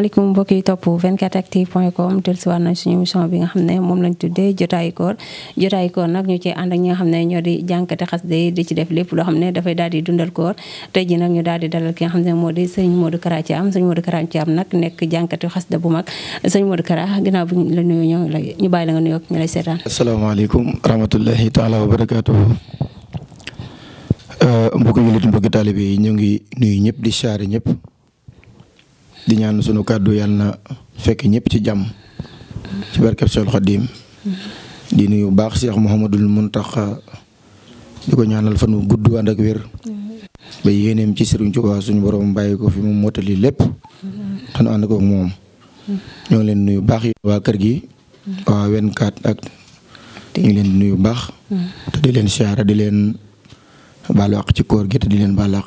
maaleykum mbokk yi topp 24actu point com dellusiwaat nañ suñu émission bi nga xam ne moom lañ tuddee jotaayu koor jotaayu koor nag ñu ci ànd ak ñi nga xam ne ñoo di jànkate xasida di ci def lépp loo xam ne dafay daal di dundal koor tey ji ñu daal di dalal ki nga xam ne moo di sëñ Modou Kara Thiam sëñ Modou Kara Thiam nag nekk xas xasida bu mag sëñ Modou Kara ginnaaw bi la nuyu ñoo la ñu bàyyi la nga nuyoo ñu lay seetaan asalaamaaleykum rahmatullahi taala wa barakatuhu euh, mbokk jullit mbokk taalibe yi ñu ngi nuyu ñëpp di saari ñëpp di ñaan sunu kàddu yàlla na fekk ñépp ci jàmm ci barkeb Seexul Xadiim di nuyu baax Cheikh Mouhamadul Muntaxa di ko ñaanal fan gudd ànd ak wér ba yéeneem ci Sëriñ Tuubaa suñu boroom bàyyi ko fi mu mottali lépp xanu ànd ko moom ñoo ngi leen nuyu baax yi waa kër gi waa wenkaat ak ñu leen di nuyu baax te di leen siyaara di leen baalu ci koor gi te di leen baalu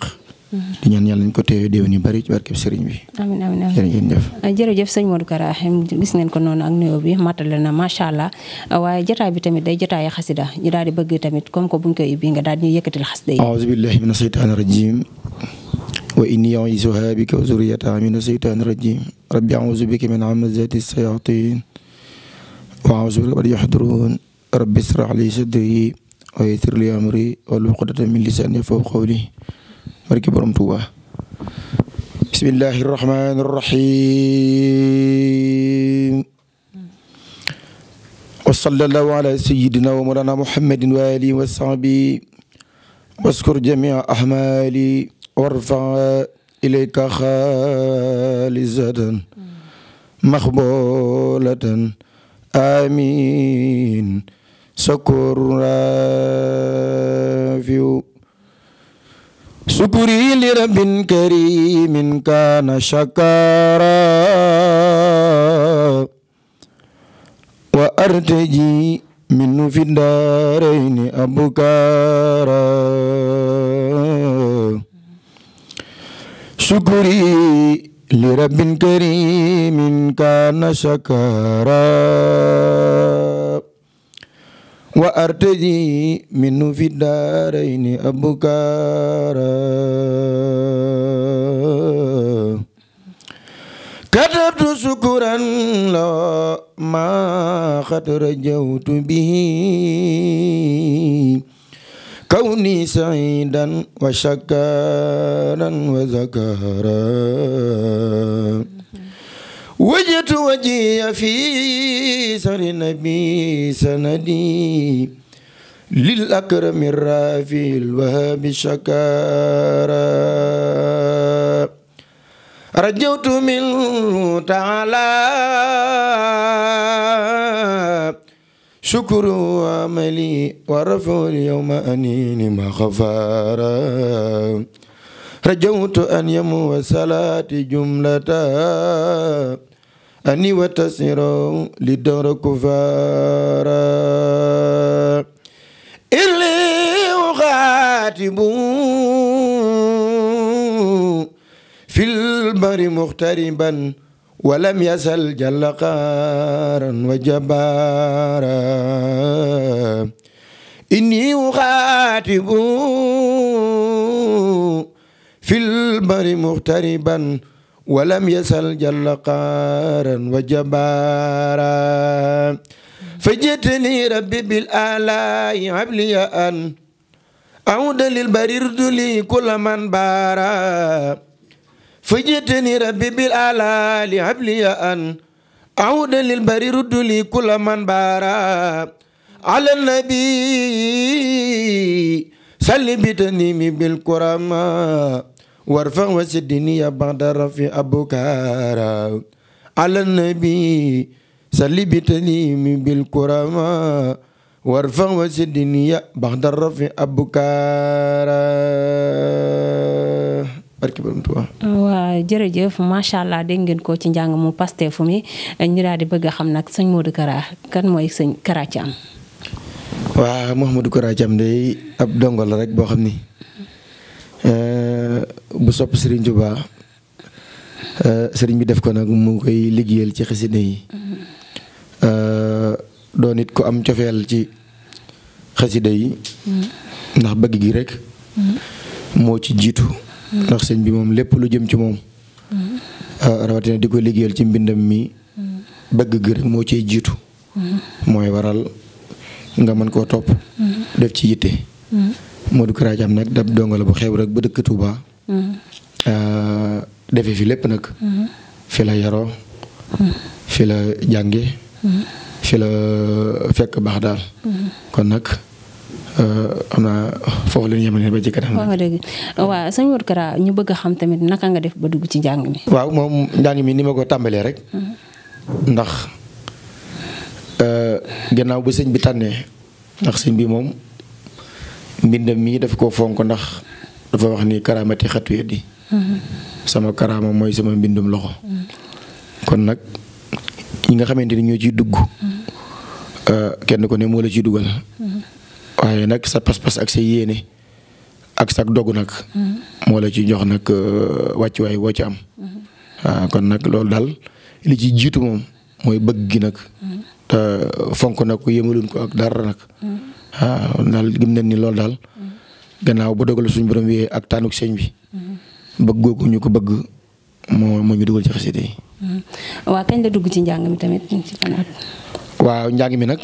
di ñaan yàlla ñu ko teewee déwén yu bari ci barkeb sëriñ bi. amiin amiin amiin jërëjëf. Uh, jërëjëf sëñ Modou Kara gis ngeen ko noonu ak nuyoo bi matale na macha allah uh, waaye jotaay bi tamit day jotaay xasida ñu daal di bëgg tamit comme que buñ koy ubbi nga daal di ñuy yëkkatil xasida yi. aouzu billahi mina shaytaani rajim wa inni u'iizuha bika wa zurriyataha mina shaytaani rajim rabbi a'uuzu bika min hamazati shayaatiin wa a'uuzu bika an yahduruun rabbi ishrah li sadri wa yassir li amri wahlul uqdatan min lisaani yafqahu qawli barki borom Tuuba bismillahi rahmaani rahim wa sallallahu ala sayyidina wa mawlana muhammadin wa alihi wa sahbi waskur jamia ahmali warfa ilayka xaalisatan maxboolatan amin sakur rafiu sukuri li rabbin karimin kana shakara wa artaji minnu fi daarayni abukara sukuri wa artaji minhu fi daarayni abkaara katabtu sukuran la ma xat rajawtu bihi kawni saidan wa shakaran wa zakara wajjatu wajjiya fi sari nabi sanadi lil akrami raafil wahabi shakara rajawtu min taala shukru amali wa rafu yawma anini ma khafara رجوت أن يمو صلاتي جملة أني وتسير لدار كفارا إلي أخاتب في البر مغتربا ولم يزل جل قارا وجبارا إني أخاتب في البر مغتربا ولم يسل جل قارا وجبارا فجئتني ربي بالآلاء عبلي أن أعود للبرير لي كل من بارا فجئتني ربي بالآلاء عبلي أن أعود للبرير لي كل من بارا على النبي سلبتني بالكرامة وارفع وسدني بعد رفع أبكارا على النبي صلي بتليم بالكرامة وارفع وسدني بعد رفع أبكارا waaw jërëjëf macha allah dégg ngeen ko ci njàng mu Pastef mi ñu daal di bëgg a xam nag sëñ Modou Kara kan mooy sëñ Kara Thiam. waaw Mouhamadou Kara Thiam day ab dongo rek boo xam ni. Eh, bu sopp Serigne Touba eh, sëriñ bi def ko nag mu koy liggéeyal ci xasida yi eh, doon it ko am cofeel ci xasida yi ndax bëgg gi rek moo ci jiitu ndax sëñ bi moom lépp lu jëm ci moom rawatina di ko liggéeyal ci mbindam mi bëgg gi rek moo ciy jiitu mooy waral nga mën koo topp def ci yitte Modou Kara Thiam nag mm-hmm. euh, lépp nag. Mm-hmm. la yaroo. Mm-hmm. fi la euh, euh, na foofu la ñu yemale ba nga def ba dugg ci njàng mi. waaw moom njàng mi ni ma ko tàmbalee rek. ndax gannaaw bu sëñ bi tànnee. ndax sëñ bi moom. mbindam mii daf ko fonk ndax dafa wax ni karaamati xat weddi mm-hmm. sama karaama mooy sama mbindum loxo kon nag ñi nga xamante ni ñoo ciy dugg mm-hmm. euh, kenn ko ne moo la ci dugal mm-hmm. waaye nag sa pas-pas ak sa yéene ak sa dogu nag moo la ci jox nag euh, wàccuwaay woo ci am waaw kon nag loolu daal li ci jiitu moom mooy bëgg gi nag te fonk na ko yëmaluñ ko ak dara nag. waaw daal gëm nañ ni loolu daal. gannaaw ba dogal suñu borom wi ak taanuk sëñ bi. bëgg googu ñu ko bëgg moo moo ñu dugal ci xasida yi. waaw kañ la dugg ci njàng mi tamit ci waaw njàng mi nag.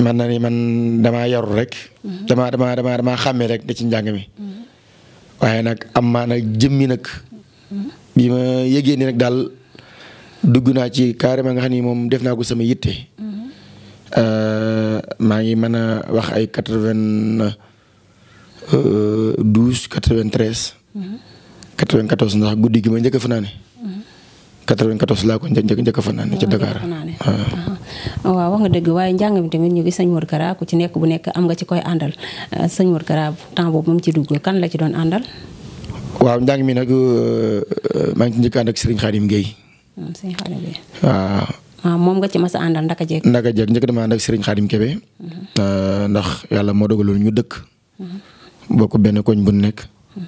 man na ni man damaa yarul rek. damaa damaa xàmmee rek da ci njàng mi. waaye nag am maa nag jëmmi nag. bi ma yëgee ni nag daal dugg naa ci carrément nga xam ni moom def naa ko sama yitte. Euh, maa ngi mën a wax ay quatre vingt douze quatre vingt treize. quatre vingt quatorze ndax guddi gi ma njëkk a fanaane. quatre vingt quatorze laa ko njëkk njëkk a fanaane ca Dakar waaw wax nga dëgg waaye njàng mi tamit ñu ngi sëñ Mor Kara ku ci nekk bu nekk am nga ci koy àndal euh, sëñ Mor Kara temps boobu mu ci dugg kan la ci doon àndal. waaw njàng mi nag euh, maa ngi ci njëkk ànd ak Serigne Khadim moom sëñ Xaadim bi waaw moom nga ci mas a àndal ndaka jeeg ndaka jeeg njëkk dama ànd sëriñ Xaadim Kebe ndax yàlla moo dogaloon ñu dëkk mhm. bokk benn koñ bu nekk mhm.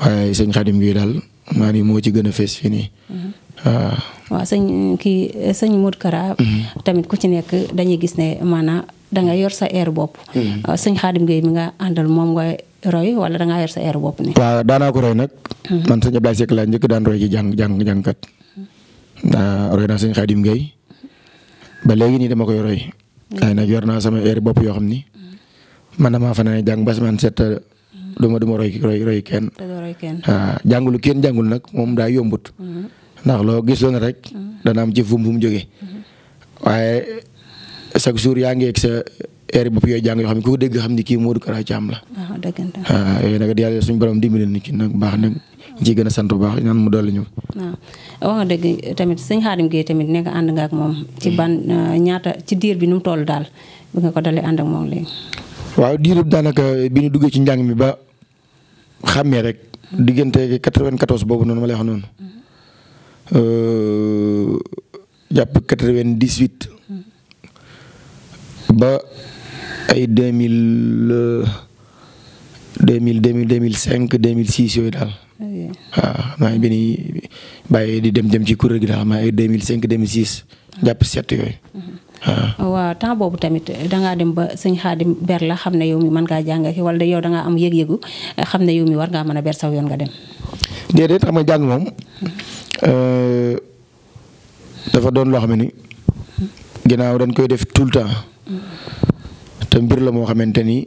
waaye sëñ Xaadim bi daal maa moo ci gën a fees fii nii mhm. waaw waaw sëñ kii sëñ tamit ku ci nekk dañuy gis ne maanaam danga yor sa air bopp euh, sëñ Xaadim Gueye mi moom nga roy wala dangaa yor sa air bopp ni waaw daanaa ko roy nag man sëñ Ablaye Seck laa njëkk daan roy ci jàng jàng jàngkat roy naa sëñ Xaadim Gueye ba léegi nii dama koy roy waaye nag yor naa sama heure bopp yoo xam ni man damaa fa ne jàng bas man set du ma du ma roy roy roy kenn. waaw ah, jàngulu kenn jàngul nag moom daa yombut. Mm-hmm. ndax loo gis loon rek. Mm-hmm. dana am ci fu mu jógee. Mm-hmm. waaye chaque jour yaa sa air bopp yooyu jàng yoo xam ne ku ko dégg xam ni kii Modou Kara Thiam la. waaw ah, dëgg la waaw ah, yooyu nag yàlla suñu borom a sant bu baax ñaan mu dolli ñu. waaw ah, wax tamit sëñ Xaadim Guèye tamit nekk ànd nga moom. ci ban mm. ñaata ci diir bi nu mu toll daal bi nga ko dalee ànd ak moom léegi. waaw diirub daanaka bi ñu duggee ci njàng mi ba xàmmee rek mm. diggante 94 boobu noonu ma lay wax noonu. Mm. Euh, jàpp 98. ba. ay deux mille euh, deux mille deux mille deux mille cinq deux mille six yooyu daal. waaw maa ngi benn bàyyi di dem dem ci kuréel gi daal maa ay deux mille cinq deux mille six jàpp sept yooyu. Mm-hmm. waaw temps boobu tamit dangaa dem ba sëñ Xaadim ber la xam ne yow mi mën ngaa jàng wala de am yëg-yëgu xam ne yow mi war ngaa mën a ber saw yoon nga dem. déedéet xam nga jàng moom mm-hmm. euh, dafa doon loo xam ne ni ginnaaw dañ koy def tout le temps mm-hmm. te mbir la moo xamante ni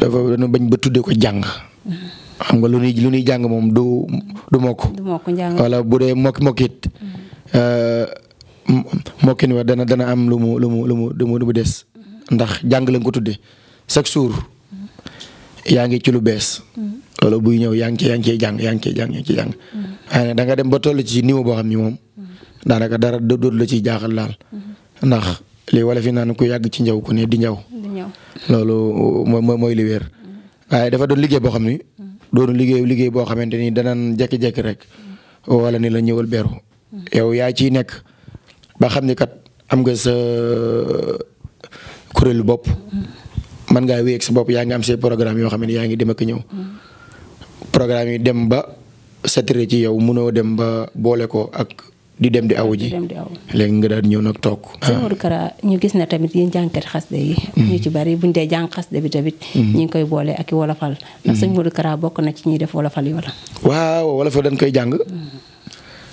dafa dañu bañ ba tuddee ko jàng. xam nga lu ñuy ñuy jàng moom du du mokk. du wala bu dee mokk mokkit. Mm-hmm. Euh, mokkin wa dana am lu mu lu mu mu mu des. Mm-hmm. ndax jàng lañ ko tudde chaque jour mm-hmm. yaa ngi ci lu bees. loolu buy ñëw yaa ngi cee yaa ngi cee yaa ngi cee jàng yaa ngi waaye nag da ba toll ci niveau boo xam ni moom. daanaka dara dootul la jaaxal daal. lii wala fi naan ku yàgg ci njaw ku ne di njaw loolu mooy mooy li wér waaye dafa doon liggéey boo xam ni doonu ni danaan jekki-jekki rek wala ni la ñëwal beru yow yaa ci nekk ba xam ni kat am nga sa kuréelu bopp man ngaa wéy ak sa bopp yaa ngi am say programme yoo xam ne yaa ngi dem ak ñëw programme yi dem ba saturé ci yow mënoo dem ba boole ko di dem di awu ji di dem di nga daal ñëw nag toog. Ah. sëñ Modou Kara ñu gis na tamit yéen jànkat xasde yi. Mm-hmm. ñu ci bari buñ dee jàng xasde bi tamit. Mm-hmm. ñu koy boole ak i wolofal. Mm-hmm. ndax sëñ Modou Kara bokk na ci ñuy def wolofal yi wala. waaw wolofal dañ koy jàng.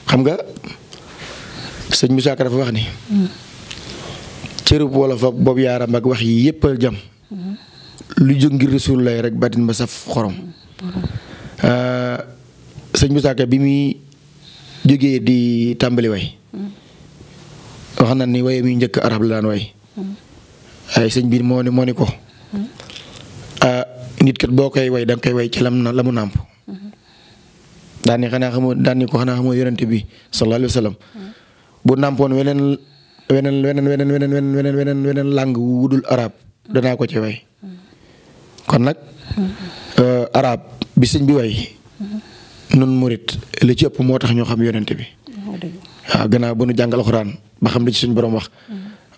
xam nga sëñ Moussa Ka dafa wax ni. cërub wolof ak bob yaaram wax yi yëpp jam lu jóg ngir Rasul lay rek batin ba saf xorom. Ah, sëñ Moussa bi muy. jógee di tàmbali way wax na ni waye mi njëkk arab la daan way ay sëñ bi moo ni moo ni ko ah nit kat boo koy way da koy way ci lam na la mu nàmp daan xanaa xamoo daan ko xanaa xamoo yonente bi sallallahu alayhi bu nàmpoon weneen weneen weneen weneen weneen weneen weneen weneen weneen làng wudul arab danaa ko ci way kon nag ah, arab bi sëñ bi way nun murit li ci ëpp moo tax ñoo xam yonent bi. waaw gannaaw ba nu jàngal alxuraan ba xam li ci suñu borom wax.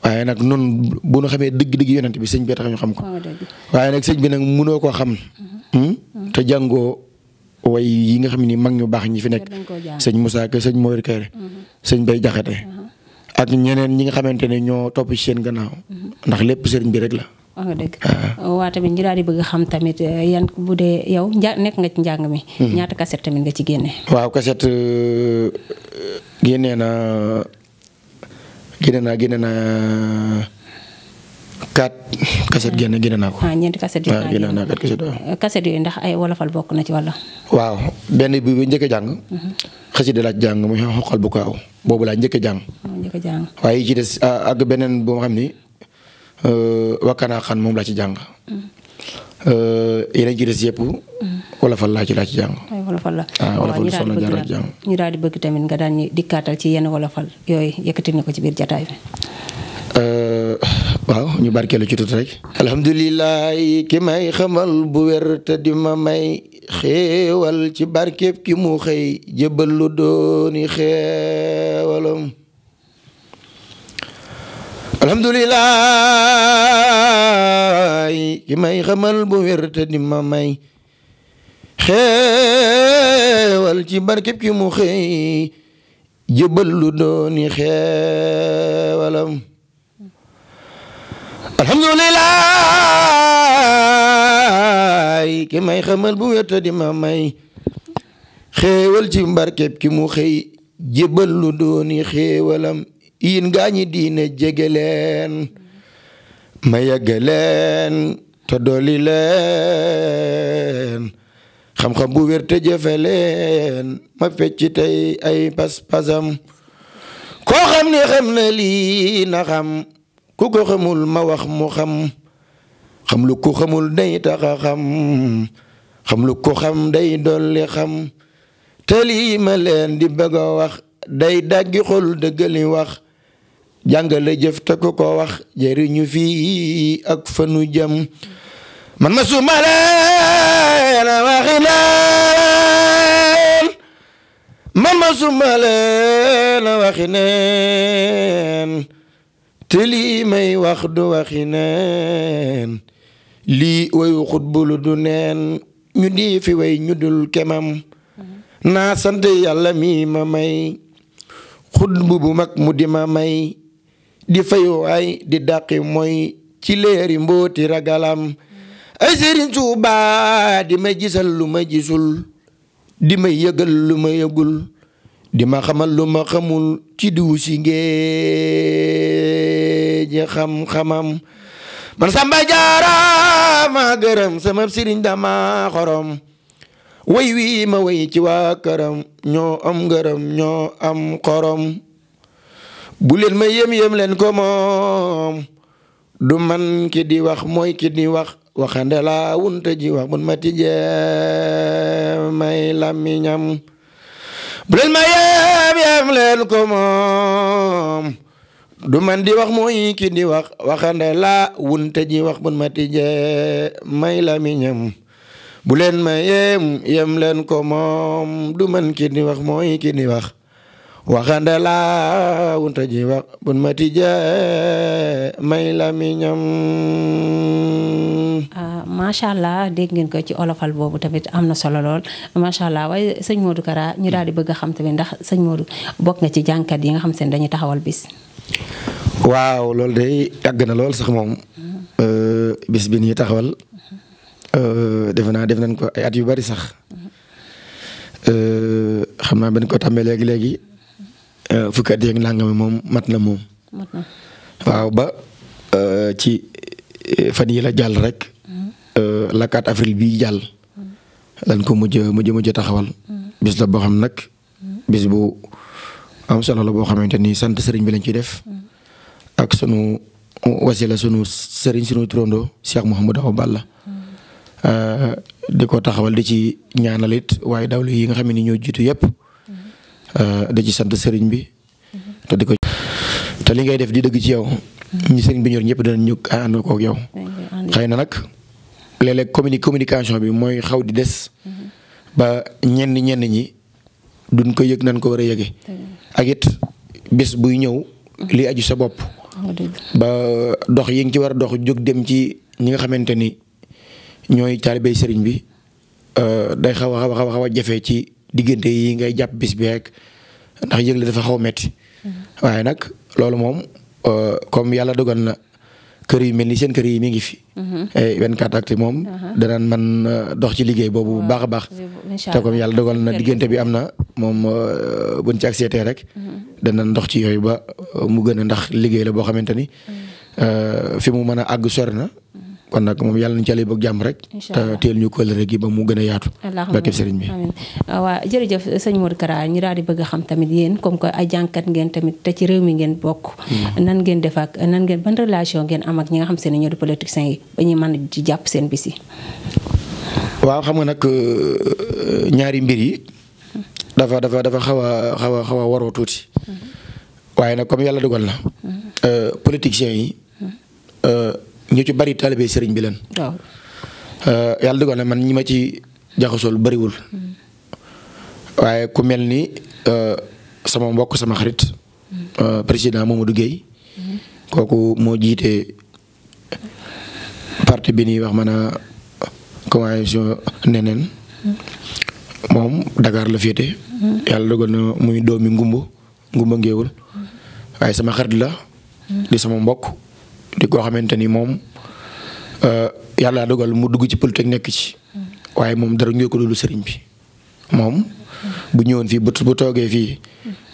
waaye nag nun bu nu xamee dëgg-dëgg yonent bi sëñ bi tax ñu xam ko. waaye nag sëñ bi nag mënoo koo xam. Hmm? te jàngoo way yi nga xam ni mag ñu baax ñi fi nekk. sëñ Moussa Ka sëñ Mor Kéré. Hmm. sëñ Bay Jaxate hmm. ak ñeneen ñi nga xamante ne ñoo topp ci seen gannaaw. ndax lépp sëriñ bi rek la. wax nga dëgg ah, ah. waa tamit ñu daal di bëgg xam tamit eh, yan bu dee yow nja nekk nga ci njàng mi. Hmm. ñaata kaset tamit nga ci génne. waaw kaset euh, génne na génne na génne na quatre kaset génne génne naa ko. ah ñeenti kaset ah, yooyu ndax ay wolofal bokk na ci walla. waaw benn bi bu njëkk a jàng. Mm-hmm. xasida laa jàng muy xoqal bu kaaw boobu laa njëkk a jàng. a jàng waaye yi ci des ak beneen boo xam ni. Euh, wakkanaa xan moom laa ci jàng. Euh, yeneen ci des yëpp. laa ci laa ci jàng. wala fan la wala fan sonn jaar laa ci jàng. ñu daal di bëgg tamit nga daal ñu dikkaatal ci yenn wala fan yooyu yëkkati na ko ci biir jataay bi. Euh, waaw ñu barkeelu ci tuuti rek. alhamdulilah ki may xamal bu wér di ma may xéewal ci barkeeb ki mu xëy jébbal lu dooni xéewalam alhamdulilah ki may xamal bu wér te di ma may ci barkeb ki mu xëy jëbal lu dooni xeewalam yéen gaa ñi diine jege leen ma yegge leen te dolli leen xam-xam bu wér te jëfe leen ma fecci tey ay pas-pasam koo xam ne xam na lii na xam ku ko xamul ma wax mu xam xam lu ko xamul day taxa xam xam lu ko xam day dolli xam te lii ma leen di bëgg a wax day daggi xol dëggali wax jàngale jëf te ko wax jëriñu fii ak fanu jëm man ma suma leen waxi neen man ma may wax du waxi neen lii wayu xutbulu du neen ñu di fi way ñu dul kemam naa sant yàlla mi ma may xutbu bu mag mu di ma may di fayuwaay di dàqi mooy ci leeri mbooti ragalam ay sëriñ Tuuba di may gisal lu ma gisul di may yëgal lu ma yëgul di ma xamal lu ma xamul ci diwu si ngeeji xam-xamam Samba Jaara ma gërëm sama sëriñ dama xorom way wi ma way ci waa këram ñoo am gërëm ñoo am korom bu leen ma yem yem leen ko moom du man ki di wax mooy ki di wax waxande laa wunte ji wax mun ma tijjee may làmmiñam bu leen ma yem yem leen ko moom du man di wax mooy ki di wax waxande laa wunte ji wax mun ma tijjee may làmmiñam bu leen ma yem yem leen ko moom du man ki di wax mooy ki di wax waxande laa wunta ji wax bun ma tijjee may la mi ñam. Ah, macha allah dégg ngeen ko ci olofal boobu tamit am na solo lool macha allah waaye sëñ Modou Kara ñu daal di bëgg a xam tamit ndax sëñ Modou bokk nga ci jànkat yi nga xam seen dañuy taxawal bis. waaw loolu de yàgg na lool sax moom. Mm-hmm. Euh, bis bi ñuy taxawal. Mm-hmm. Euh, defe naa def nañ ko ay at yu bari sax. Mm-hmm. Euh, xam naa ben ko tàmmee léegi léegi. Euh, fukki at yeeg nangami moom mat na moom. waaw ba euh, ci euh, fan yi la jàll rek. Mm-hmm. la avril bii jàll. Mm-hmm. lan ko mujj mujj mujj taxawal. Mm-hmm. bis la boo xam nag. bis bu am la boo xamante ni sant sëriñ bi lañ ci def. ak sunu wasila sunu sëriñ sunu turandoo Cheikh Mouhamadou Awa Balla. di ko taxawal di ci ñaanalit waaye dawlu yi nga xam ne ñoo jiitu yëpp. Euh, da ci sant sëriñ bi. te di ko li ngay def di dëgg ci yow. ñi sëriñ bi ñor ñëpp dana ñu ànd koog yow. xëy na nag léeg communication bi mooy xaw di des. ba ñenn ñenn ñi duñ ko yëg nañ ko war a yëge. ak it bés buy ñëw. li aju sa bopp. ba dox yi nga ci war a dox jóg dem ci ñi nga xamante ni ñooy taalibey sëriñ bi euh, day xaw a xaw jafe diggante yi ngay jàpp bis bi rek ndax yëgle dafa xaw metti mm-hmm. waaye nag loolu moom euh, comme yàlla dogal na kër yi mel ni seen kër yi mi ngi fi. 24 mm-hmm. eh, actu moom. Uh-huh. danaan man euh, dox ci liggéey boobu bu oh, baax a baax. te comme yàlla dogal na diggante bi am na moom euh, buñ ci accepté rek. Mm-hmm. danañ dox ci yooyu ba mu gën ndax liggéey la boo xamante ni. fi mu mën a agg sori na. kon nag moom yàlla nañu ci yàlla bëgg jàmm rek. te teel ñu kóllëre gi ba mu gën a yaatu. barke sëriñ bi amiin ah, waa jërëjëf sëñ Modou Kara ñu daal di bëgg a xam tamit yéen comme que ay jànkat ngeen tamit te ci réew mi ngeen bokk. Hmm. nan ngeen def ak nan ngeen ban relation ngeen am ak ñi nga xam seen ñoo di politiciens yi ba ñuy mën jàpp seen bis yi. waaw xam nga nag euh, ñaari mbir yi. dafa dafa dafa xaw a xaw a xaw a waroo tuuti. Hmm. waaye nag comme yàlla dogal na. Hmm. Euh, politiciens yi. ñu ci bari talibé sëriñ bi leen. waaw euh, yàlla dogal na man ñi ma ci jaxasoo lu bariwul. Mm. waaye ku mel ni euh, sama mbokk sama xarit. Mm. Euh, président Mamadou Guèye. Mm. kooku moo jiite parti bi nii wax mana a convention neneen moom Dakar la féete. yàlla dogal na sama xarit la. di sama mbokk. di koo xamante ni moom euh, yàlla dogal mu dugg ci politique nekk ci waaye moom dara ñu ko dul sëriñ bi moom bu ñëwoon fii bu bu toogee fii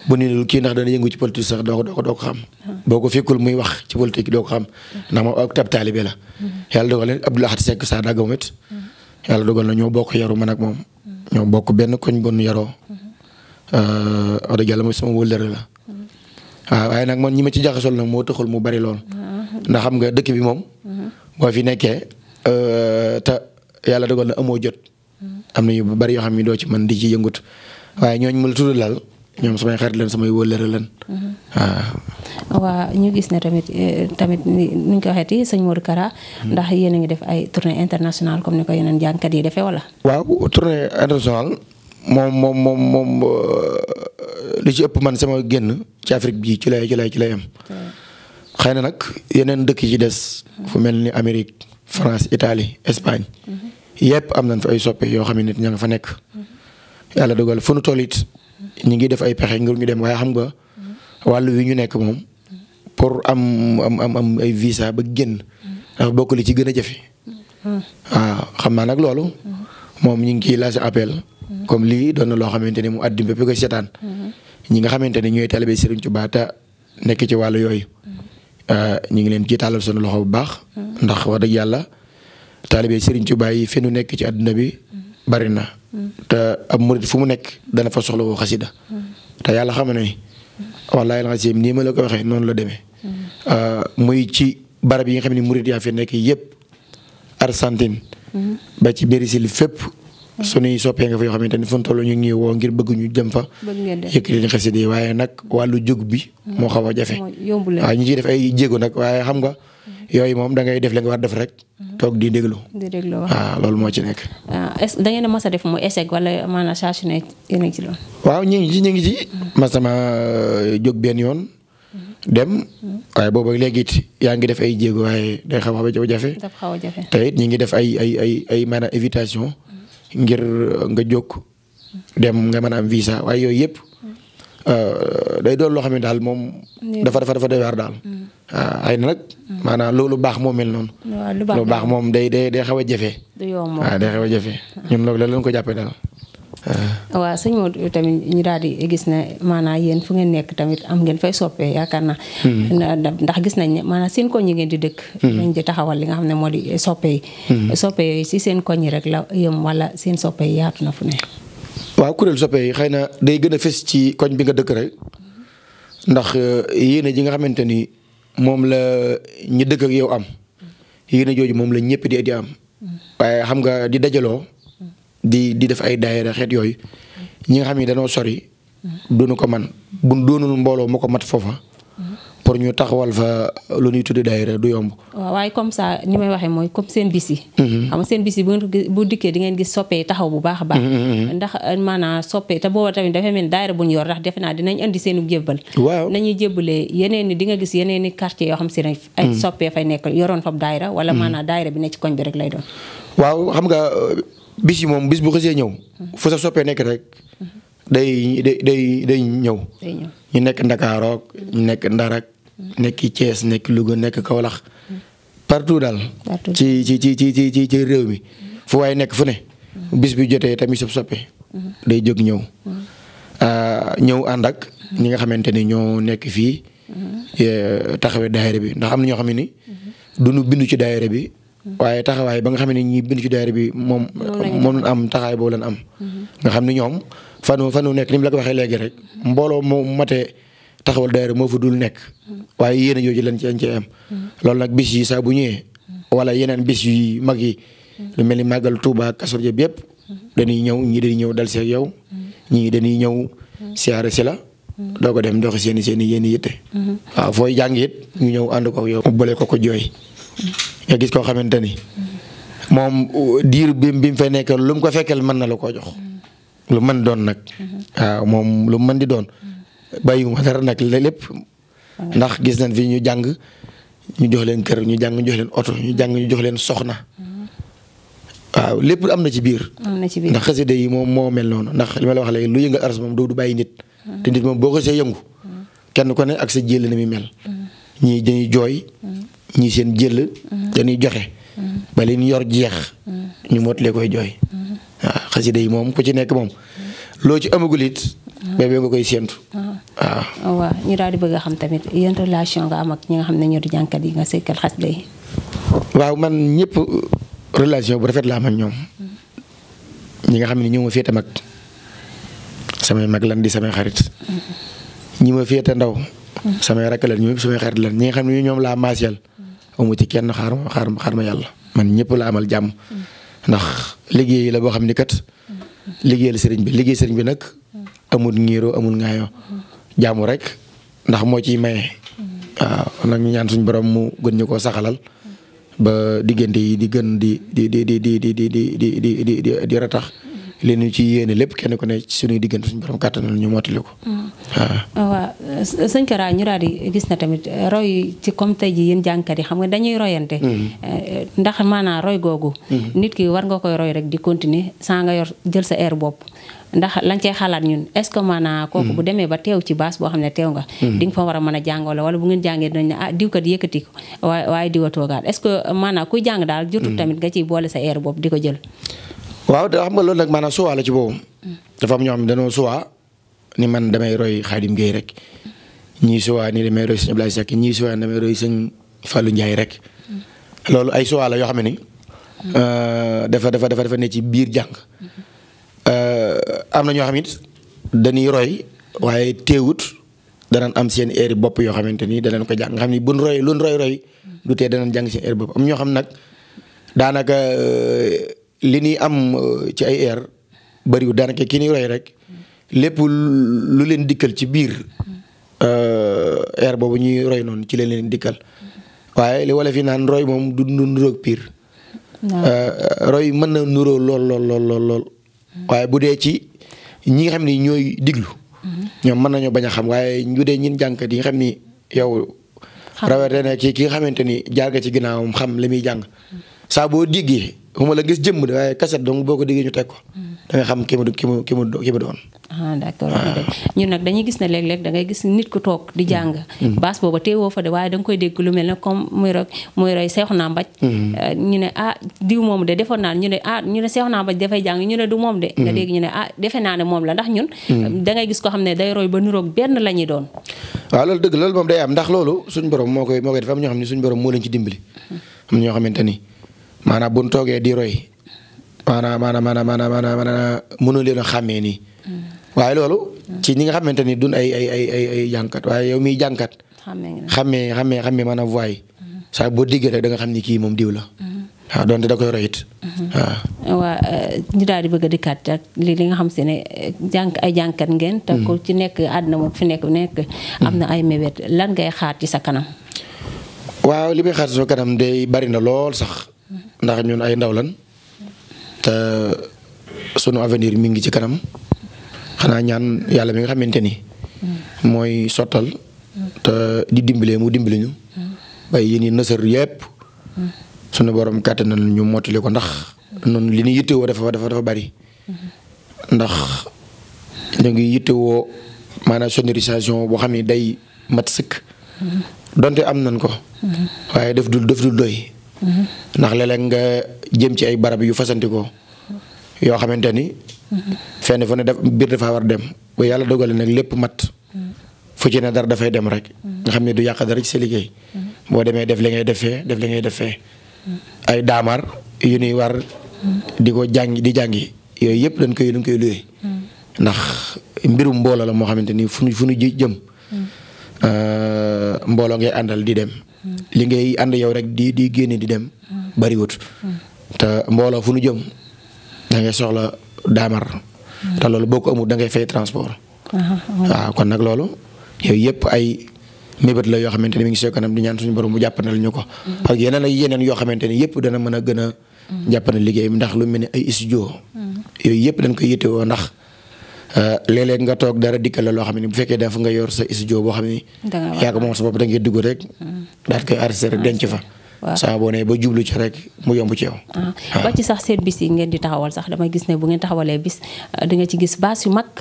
bu ni lu kii ndax dana yëngu ci politique sax doo ko doo ko doo ko xam. boo ko fekkul muy wax ci politique doo ko xam ndax moom ak tab taalibe la. yàlla dogal leen Abdou Lahad Seck saa dàgg moom it yàlla dogal na ñoo bokk yaru man ak moom. ñoo bokk benn koñ bon yaroo. Euh, wax dëgg yàlla mooy sama wëllëre la. waaye nag man ñi ci jaxasol mu bari lool. ndax xam nga dëkk bi moom. fi nekkee euh, te yàlla amoo jot. na yu bari yoo xam ne doo ci mën di ci yëngut waaye ñooñu ma la ñoom samay xarit samay wóllëre leen. ñu gis ne tamit eh, tamit ni ñu ko waxeeti sëñ Modou hmm. ndax yéen a ngi def ay tournée internationale comme ni ko yeneen yi defee wala. waaw tournée internationale moom moom moom moom euh, ci ëpp man sama génn ci Afrique bi ci lay ci lay ci lay am. Hmm. xëy na nag yeneen dëkk yi ci des fu mel ni Amérique France Italie Espagne yépp am nañ fa ay soppe yoo xam ne nit nga fa nekk yàlla dogal fu nu toll it ñu ngi def ay pexe ngir ñu dem waaye xam nga wàllu wi ñu nekk moom pour am am am am ay ba génn ndax li ci gën a jafe waaw xam naa nag loolu moom ñu ngi ciy lancé appel comme lii doon na loo xamante ni mu àddina bépp koy seetaan ñi nga xamante ne ñooy talibé Serigne Touba te nekk ci wàllu yooyu. Euh, ñu ngi leen ci tàllal sunu loxo bu baax. Mm. ndax wax dëgg yàlla taalibe Serigne Touba yi fi nu nekk ci àdduna bi mm. bari na. Mm. te ab murit fu mu nekk dana fa soxla woo xasida te yàlla xam na ni wallaahi alxasim nii ma la ko waxee noonu la demee. Euh, muy ci barab yi nga xam ne murit yaa fi nekk yëpp Argentine. ba ci Brésil fépp. Mm-hmm. suñuy soppee nga fa yoo xamante ni fu mu toll ñu ngi woo ngir bëgg ñu jëm fa. yëkkati leen xasida yi waaye nag wàllu jóg bi. Mm-hmm. moo xaw a jafe. waaw ñu ciy def ay jéego nag waaye xam nga. Mm-hmm. yooyu moom da ngay def li nga war def rek. toog di déglu. di waaw loolu moo ci nekk. Ah, est-ce da ngeen a mas a def mu saa su ne ci loolu. waaw ñu ngi ci ñu ngi ci. mas sama euh, jóg benn yoon. dem waaye boobu léegi yaa ngi def ay jéego waaye day xaw a jafe. daf xaw a jafe te it ñu ngi def ay ay ay ay maanaam invitation ngir euh, nga jóg dem nga mën a am visa waaye yooyu yëpp euh, day doon loo xam ne daal moom. dafa dafa dafa doy waar daal. Mm. Ah, ay na nag. Mm. maanaam loolu baax moo mel noonu. lu baax moom day day day xaw a jafe. du yomb waaw ah, day xaw a jafe mm. ñun loolu la leen ko jàppee daal. Euh. waaw sëñ Modou tamit ñu daal di gis ne maanaa yéen fu ngeen nekk tamit am ngeen fay soppee yaakaar naa hmm. ndax gis nañ ne maanaam seen koñ yi ngeen di dëkk hmm. nañ di taxawal li nga xam ne moo di soppe hmm. soppe si seen koñ yi rek la wala seen soppe yaatu na fu ne waaw soppe yi xëy na day gën a fes ci koñ bi nga dëkk rek ndax euh, ji nga xamante ni moom la ñu dëkk yow am yéene jooju moom la ñëpp di di am waaye xam nga di dajaloo di di def ay daayira xeet yooyu ñi nga xam ni dañoo sori. duñu ko man buñ doonul mbooloo mu ko mat foofa. pour ñu taxawal fa lu ñuy tuddi daayira du yomb. waaw waaye comme ça ni may waxee mooy comme seen bis yi. Mm-hmm. xam nga seen bu bu dikkee di ngeen gis soppee taxaw bu baax a baax. Mm-hmm. ndax euh, maanaam soppee te booba tamit dafay mel daayira bu ñu yor ndax defe naa dinañ andi seenu jébbal. waaw nañuy jébbalee yeneen i di nga gis yeneen i quartier yoo xam si ne. ay mm-hmm. soppee nekk yoroon fab daayira. wala maanaam daayira bi ne ci koñ rek lay doon. waaw xam nga bis yi moom bis bu xësee ñëw. fu sa soppee nekk rek. day day day ñëw. ñu nekk Ndakaaroog nekk Ndarak. nekki Thiès nekk Louga nekk Kaolack. partout daal. ci ci ci ci ci ci réew mi. fu waaye nekk fu ne. bis bi jotee tamit sab soppe day jóg ñëw. Ah, ñëw ànd ak. ñi nga xamante ni ñoo nekk fii. Eh, taxawee daayira bi ndax am na ñoo xam ne ni. du ñu bindu ci daayira bi. waaye taxawaay ba nga xam ne ñi bind ci daayira bi moom. moom lañ am taxawaay boobu lañ am. Mhm. nga xam ne ñoom fanu fanu nekk nim mu la ko waxee léegi rek mbooloo moo matee taxawal daayira moo fa dul nekk. Mhm. waaye yéen a jooju lañ ci am. Mhm. loolu nag bis yi saa ñëwee. wala yeneen bis yu mag yi. lu mel ni màggal Touba ak yépp Rajab dañuy ñëw ñii dañuy ñëw dal see yow. ñii dañuy ñëw siyaare si la. doo ko dem doxi seen i seen i yéen yitte. waaw fooy jàng ñu ñëw ànd ko yow. boole ko ko jooy. nga gis koo xamante ni moom diir bi bi mu fay nekk lu mu ko fekkeel mën na la koo jox lu mën doon nag moom lu mën di doon bàyyiwuma nag lépp ndax gis nañ fi ñu jàng ñu jox leen kër ñu jàng jox leen oto ñu jàng ñu jox leen soxna waaw na ci biir. am na ci biir ndax xasida yi moom moo mel noonu ndax wax léegi lu yëngal aras moom doo du bàyyi nit. te moom boo ko yëngu. kenn ku ne ak sa jël na mel. ñii dañuy jooy. ñi seen jël dañuy joxe ba leen yor jeex ñu motalee koy jooy waaw xasida yi moom ku ci nekk moom loo ci amagul it bébé nga koy séentu waaw ñu daal di bëgg a xam tamit yéen relation nga am ak ñi nga xam ne ñoo di waaw man ñëpp bu rafet la am ñoom ñi nga xam ne ñoo mag samay mag lan di samay xarit ñi ma ndaw samay rakk lan ñoom samay xarit lan ñi nga xam ne ñoom laa maaseel. amu ci kenn xaar ma xaar ma xaar ma yàlla man ñëpp la amal jàmm. ndax liggéey la boo xam ni kat. liggéeyal sëriñ bi liggéey sëriñ bi nag. amul ngiiroo amul ngaayoo. jàmm rek ndax moo ciy maye. waaw ñaan suñ borom mu gën ñu koo saxalal. ba diggante yi di gën di di di di di di di di di di ratax. li ñu ci yéene lépp kenn ku ne suñuy diggante suñu borom kàttan ñu mottali ko. Mm. waaw waaw sëñ Kara ñu daal di gis na tamit eh, roy yi ci comme tey jii yéen jàngkat yi xam nga dañuy royante. Mm. Eh, ndax maanaam roy googu. Mm. nit ki war nga koy roy rek di continuer saa nga yor jël sa air bopp. ndax lañ cey xalaat ñun est-ce que maanaam kooku bu demee ba teew ci baas boo xam ne teew nga di nga fa war a mën a jàngoole wala bu ngeen jàngee dinañ ne ah diw kat yëkkati ko waaye waaye diwa toogaat est-ce que maanaam kuy jàng daal jotul tamit nga ciy boole sa air bopp di ko jël waaw da xam nga loolu nag maanaam suwaa la ci boobu. dafa am ñoo xam ne dañoo suwaa man damay roy Xaadim Gueye rek ñii suwaa ni damay roy sëñ Ablaye Seck ñii suwaa ni damay roy sëñ ay suwaa yoo xam ne ni. Euh, dafa dafa dafa ne ci biir jàng. Euh, am na ñoo xam it waaye teewut danañ am seen air bopp yoo xamante ni danañ ko jàng nga xam ni buñ roy luñ roy roy du tee danañ jàng seen am ñoo xam nag daanaka. Euh, li ñuy am euh, ci ay air bëriwul daanaka ki ñuy roy rek lépp lu leen dikkal ci biir euh, air boobu ñuy roy noonu ci leen leen dikkal waaye li wala fi naan roy moom du nuroog piir euh, roy mën na nuroo lool lool lool waaye bu dee ci ñi nga xam ni ñooy diglu ñoom mën nañoo bañ a xam waaye bu dee ñin jànkat yi nga xam ni yow rawatee ne ki ki nga xamante ni jaar nga ci ginnaawam xam li muy jàng saa boo diggee waxuma la gis jëmm de waaye kaset dong boo ko déggee ñu teg ko. Mm. da nga xam ki ma ki ma doon. Ah, ah. nag dañuy gis ne léeg-léeg da ngay gis nit ku toog di jàng. Mm. Mm. baas booba teewoo fa de waaye da nga koy dégg lu mel ne comme muy roy muy roy seexu naa mbaj. Eh, ñu ne ah diw moom de defoon naa ne ñu ne ah, seexu naa mbaj dafay jàng ñu ne du moom de. nga dégg ñu defe naa moom la ndax ñun. da ngay gis ko xam ne day roy ba niroog benn la ñuy doon. waaw loolu dëgg loolu moom day am ndax loolu suñu borom moo koy moo koy def am ñoo xam ne suñu borom moo leen ci dimbali am maanaam bu ñu toogee di roy maanaam maanaam maanaam maanaam leen a xàmmee nii. Mm. waaye loolu. Mm. ci ñi nga xamante ni duñ ay ay ay ay ay jànkat waaye yow miy jànkat. xàmmee xàmmee xàmmee maanaam voix yi. Mm. saa boo diggee rek da nga xam ni kii moom diw la. waaw donte da koy roy it. Mm-hmm. waaw waa eh, ñu daal di bëgg a dikkaat ak li li nga xam si ne eh, jànk ay jànkat ngeen. te ku ci nekk àddina moom fi nekk nekk. am na ay mébét lan ngay xaar ci sa kanam. waaw li may xaar ci kanam day bari na lool sax. ndax ñun ay ndaw lan te sunu avenir mi ngi ci kanam xanaa ñaan yàlla mi nga xamante ni mooy sottal te di dimbalee mu dimbali ñu bay yi nësër yépp sunu borom kàttan nañ ñu mottali ko ndax noonu li ñu yittewoo dafa dafa dafa bari ndax ñu ngi yittewoo maanaam sonorisation boo xam ni day mat sëkk donte am nañ ko waaye def dul def dul doy ndax léeg nga jëm ci ay barab yu fasantikoo yoo xamante ni. fenn fu ne def biir dafa war dem ba yàlla dogale nag lépp mat. fu ci ne dara dafay dem rek. nga xam ne du yàq dara ci sa liggéey. boo demee def li ngay defee def li ngay defee. ay daamar yu ñuy war. di ko jàngi di jàngi yooyu yëpp dañ koy dañ koy luwee. ndax mbirum mbooloo la moo xamante ni fu nu fu nu jëm. Mm. Euh, mbooloo ngay àndal di dem li ngay ànd yow rek di di génne di dem bariwut te mbooloo fu nu jëm da ngay soxla daamar te loolu boo ko amul da ngay fay transport uh-huh. waaw kon nag loolu yooyu yëpp ay mébét la yoo xamante ni mi ngi soo kanam di ñaan suñu borom mu jàppandal ñu uh-huh. ni yëpp dana mën a gën a uh-huh. jàppandal liggéey ndax lu mel ni ay studio yooyu yëpp dañ koy yittewoo ndax Euh, léeg-léeg nga toog dara dikkal la xam ne bu fekkee dafa nga yor sa studio boo xam ne. yaa moom sa bopp da ngay rek. Mm. daal koy arrêté ah, denc fa. waaw saa boo nee ba jublu ci rek mu yomb ci ah. Ah. ba ci sax seen bis yi ngeen di taxawal sax damay gis ne bu ngeen taxawalee bis euh, di ci gis baas yu mag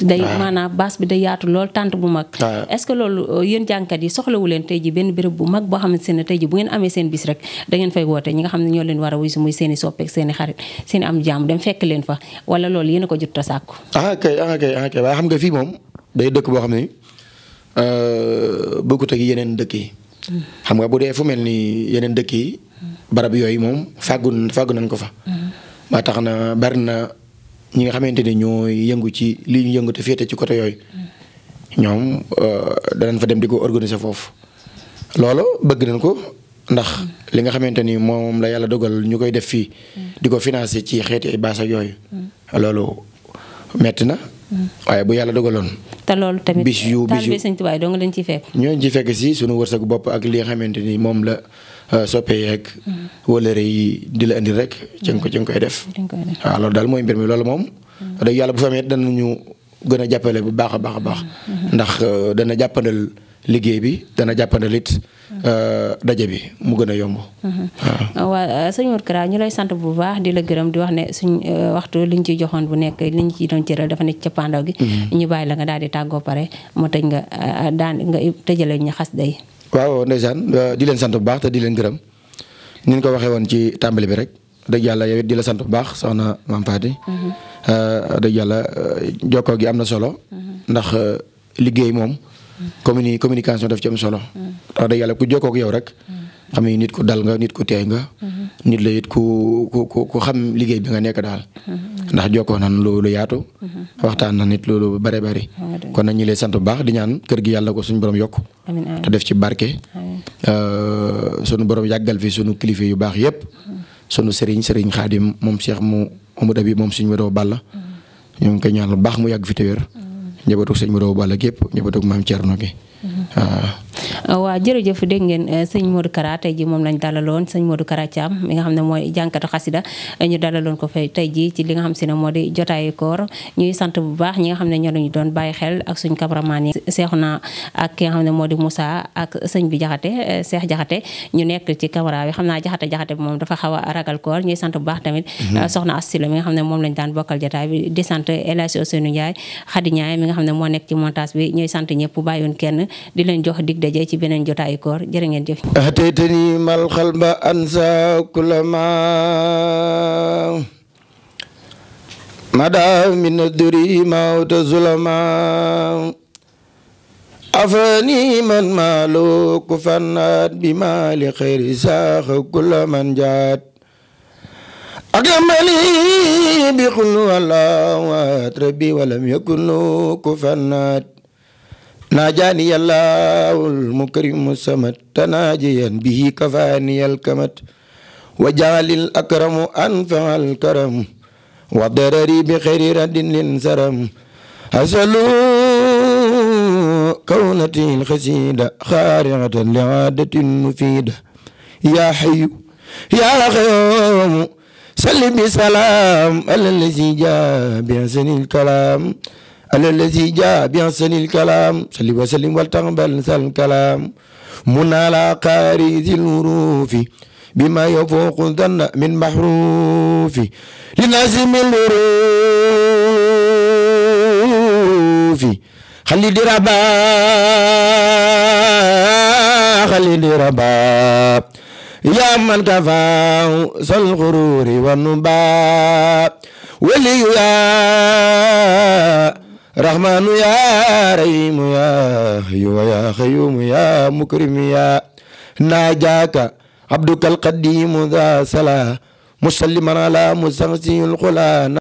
day ah. maanaam baas bi day yaatu lool tànt bu mag ah. est-ce que loolu euh, yéen jànkat yi soxlawu leen tey ji benn béréb bu mag boo xamante ne tey ji bu ngeen amee seen bis rek da ngeen fay woote ñi nga xam ne ñoo leen war a wuy si muy seen soppeek seen xarit seen am jàmm dem fekk leen fa wala loolu yéen ko jot sàkku ah kay ah kay ah kay waaye xam nga fii moom day dëkk boo xam ne euh, bokkut ak yeneen dëkk yi hmm. xam nga bu dee fu mel ni yeneen dëkk yi hmm. barab yooyu moom fàggu fàggu nañ ko fa hmm. ba tax na bari na ñi nga xamante ni ñoo yëngu ci lii ñu yëngu te ci côté yooyu ñoom euh, danañ fa dem di ko organiser foofu. loolu bëgg nañ ko ndax li nga xamante ni moom la yàlla dogal ñu koy def fii. di ko financer ci xeeti ay baas ak yooyu. loolu metti na. waaye bu yàlla dogaloon. te loolu tamit bis yu bis yu taal bi sëñ Tuubaa doo nga leen ciy fekk. ñoo leen si sunu wërsëgu bopp ak li xamante ni moom la. Euh, soppe yeeg wëlëre yi di la indi rek ci nga ko ci nga koy def waaw loolu daal mooy mbir mi loolu moom mm-hmm. dëgg yàlla bu fa amee danañu gën a jàppale bu baax a baax a baax mm-hmm. ndax euh, dana jàppandal liggéey bi dana jàppandal it mm-hmm. euh, daje bi mu gën a yomb. waaw sëñ Mor Kara ñu lay sant bu baax di la gërëm di wax ne suñ waxtu liñ ci joxoon bu nekk liñ ci doon cëral dafa nekk ci cappaandaw gi. ñu bàyyi la nga daal di tàggoo pare mu tëj nga daan nga tëjale ñu xas day. waaw ndeysaan di leen sant bu baax te di leen gërëm ni ko waxee woon ci tàmbali bi rek dëgg yàlla yow it di la sant bu baax soxna maam Fati. Mhm. dëgg yàlla jokkoo gi am na solo. Mhm. ndax liggéey moom. Mhm. communi communication daf ci am solo. ndax yàlla ku jokkoo yow rek. xam ne nit ku dal nga nit ku teey nga. Mm-hmm. nit la it ku ku ku xam liggéey bi nga nekk daal. Mm-hmm. ndax jokkoo nan loolu yaatu. Mm-hmm. waxtaan na nit loolu bare bari. kon nag ñu lay sant bu baax di ñaan kër gi yàlla ko suñu borom yokk. te def ci barke. Euh, sunu borom yàggal fi sunu kilifa yu baax yëpp. sunu sëriñ sëriñ xaadim moom Cheikh mu Amadou bi moom suñu wëroo Balla. ñu ngi ñaan lu baax mu yàgg fi njabootu sëñ Modou Balla gépp njabootu maam Thierno gi mm-hmm. waaw jërëjëf dégg ngeen eh, sëñ moodu Kara tey ji moom lañ dalaloon sëñ Modou Kara Thiam mi nga xam ne mooy jànkatu xasida eh, ñu dalaloon ko fay tey ji ci li nga xam si ne moo di jotaayu koor ñuy sant bu baax ñi nga xam ne ñoo ñu doon bàyyi xel ak suñ cameraman yi Seexuna ak ki ne moo di Moussa ak sëñ bi Jaxate eh, Seex Jaxate ñu nekk ci caméra bi xam naa Jaxate Jaxate moom dafa xaw a ragal koor sant bu baax tamit mm-hmm. soxna Assi la mi nga xam ne moom lañ daan bokkal jotaay bi di sant El Hadj Ousseynou Ndiaye Khady Ndiaye nga xam ne moo nekk ci montage bi ñooy sant ñëpp bàyyoon kenn di leen jox dig daje ci beneen jotaayu koor jërë ngeen jëf ataytani mal xalba ansa kulama mada min adri mawta zulama afani man maalo ku fannaat bi maali xayri saaxa kula man jaat أجملي بكن ولا واتربي ولم يكن كفنات ناجاني الله المكرم السمت تناجيا به كفاني الكمت وجعل الأكرم أنفع الكرم وضرري بخير رد لنسرم أسألوا كونتي الخسيدة خارعة لعادة مفيدة يا حي يا خيوم salli bi salaam ala lazi jaa bi ahsanil kalaam ala lazi jaa bi ahsanil kalaam salli wa sallim wal taqabbal sal kalaam munala qaari zil hurufi bima yafuqu dhanna min mahrufi linazimil hurufi khalid rabba khalid rabba يا من كفاه ذا الغرور والنباء ولي يا رحمن يا رحيم يا حيو يا خيوم يا مكرم يا ناجاك عبدك القديم ذا صلاة مسلما على مسغسي الخلا